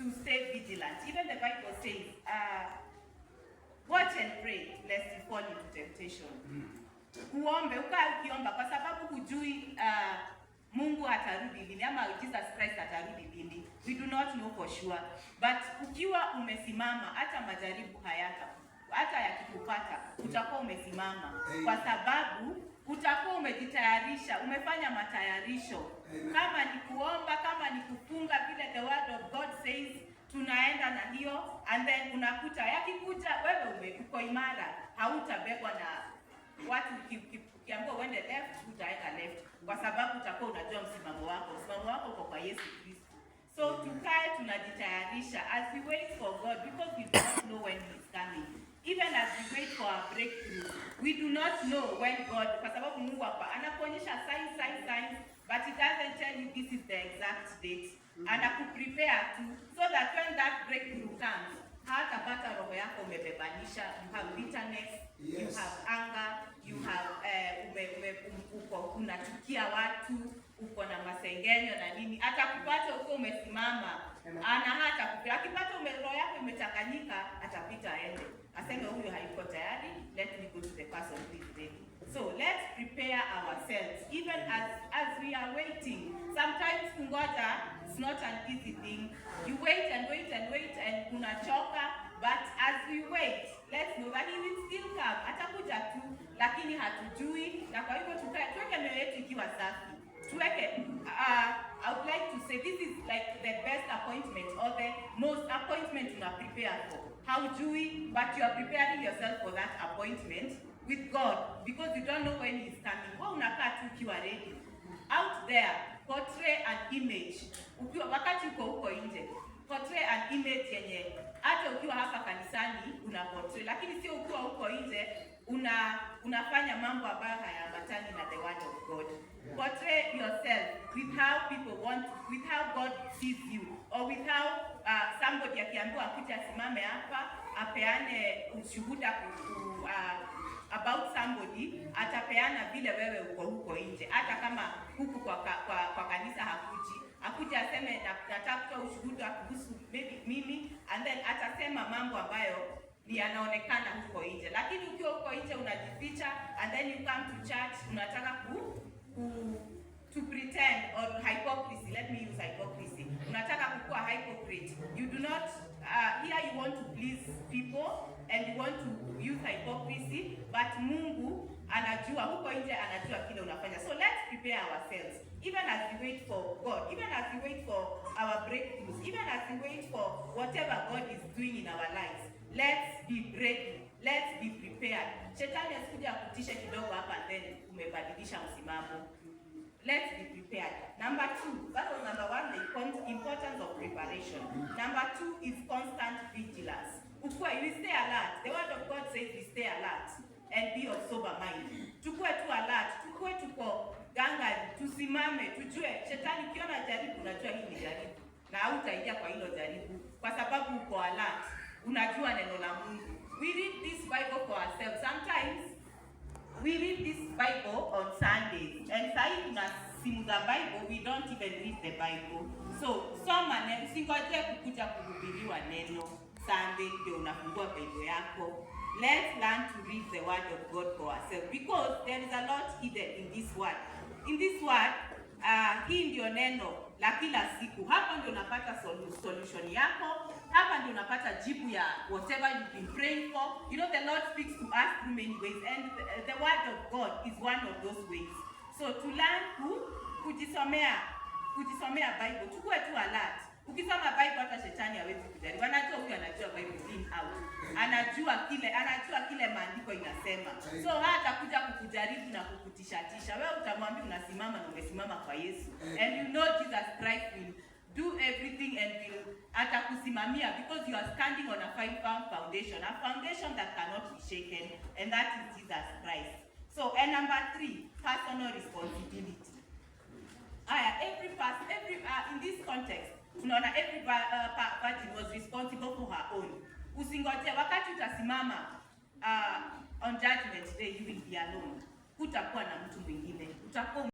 to stay vigilant. Even the Bible says, uh, watch and pray lest you fall into temptation. Kuombe, hmm. ukaa ukiomba kwa sababu hujui uh, Mungu atarudi lini ama Jesus Christ atarudi lini. We do not know for sure. But ukiwa umesimama hata majaribu hayata hata yakikupata utakuwa umesimama, kwa sababu utakuwa umejitayarisha, umefanya matayarisho, kama ni kuomba, kama ni kufunga, vile the word of God says, tunaenda na hiyo and then unakuta yakikuja, wewe uko imara, hautabebwa na watu. Ukiambiwa uende left, utaenda left, kwa sababu utakuwa unajua msimamo wako. Msimamo wako uko kwa Yesu Kristo. So tukae tunajitayarisha as we wait for God because we don't know when he's coming even as we wait for our breakthrough, we do not know when God, kwa sababu Mungu hapa anakuonyesha but it doesn't tell you this is the exact date. Mm-hmm. Anakuprepare tu so that when that breakthrough comes, roho yako umebebanisha. You have bitterness, yes. You have anger, you mm-hmm. have uh, ume, ume, uko unachukia watu, uko na masengenyo na nini, atakupata uko umesimama, ana hata akipata roho yako umetanganyika, atapita sema huyu hayuko tayari, let me go to the person who is ready. So let's prepare ourselves even as as we are waiting. Sometimes kungoja is not an easy thing. You wait and wait and wait and unachoka, but as we wait, let's know that he will still come. Atakuja tu, lakini hatujui, na kwa hivyo tuweke mioyo yetu ikiwa safi. Tuweke uh, I would like to say this is like the best appointment or the most appointment you are prepared for. haujui, but you are preparing yourself for that appointment with God because you don't know when he's coming. Wewe unakaa tu ukiwa ready. Out there, portray an image. Ukiwa wakati uko huko nje, portray an image yenye hata ukiwa hapa kanisani una portray, lakini sio ukiwa huko nje una unafanya mambo ambayo hayaambatani na the word of God. Portray yourself with how people want, with how God sees you or with how Ambodi akiambiwa akija asimame hapa apeane ushuhuda ku, uh, about somebody atapeana vile wewe uko huko nje, hata kama huku kwa, kwa, kwa kanisa hakuji akuja aseme nataka kutoa ushuhuda kuhusu mimi, and then atasema mambo ambayo ni yanaonekana huko nje, lakini ukiwa huko nje unajificha, and then you come to church unataka ku, ku to pretend or hypocrisy. Let me use hypocrisy. want to please people and you want to use hypocrisy but Mungu anajua huko nje, anajua kile unafanya. So let's prepare ourselves even as we wait for God, even as we wait for our breakthroughs, even as we wait for whatever God is doing in our lives. Let's be ready, let's be prepared. Shetani asikuja akutishe kidogo hapa, then umebadilisha msimamo. Let's be prepared. Number two salvation. Number two is constant vigilance. Ukwe, we stay alert. The word of God says we stay alert and be of sober mind. Tukwe tu alert, tukue tuko ganga, tusimame, tujue shetani kiona jaribu, unajua hii ni jaribu na hautaingia kwa hilo jaribu kwa sababu uko alert, unajua neno la Mungu. We read this Bible for ourselves sometimes we read this Bible on Sundays, and sahii simuza Bible, we don't even read the Bible. So some are neno, usingojee kukuja kuhubiriwa neno Sunday ndio unafungua Bible yako. Let's learn to read the word of God for ourselves because there is a lot hidden in this word. In this word, uh, hii ndio neno la kila siku. Hapo ndio unapata solution yako hapa ndio unapata jibu ya whatever you've been praying for. You know the Lord speaks to us through many ways and the, the word of God is one of those ways. So to learn to kujisomea kujisomea Bible, tukue tu alert. Ukisoma Bible hata shetani hawezi kujari. Wanajua huyu anajua Bible in out. Anajua kile, anajua kile maandiko inasema. So hata kuja kukujaribu na kukutishatisha. Wewe utamwambia unasimama na umesimama kwa Yesu. And you know because you are standing on a five pound foundation, a foundation that cannot be shaken, and that is Jesus Christ. So, and number three, personal responsibility. Aya, ah, every person, every uh, in this context, unaona every uh, ah, party was responsible for her own. Usingoje wakati utasimama uh, on judgment day, you will be alone. Utakuwa na mtu mwingine. Utakuwa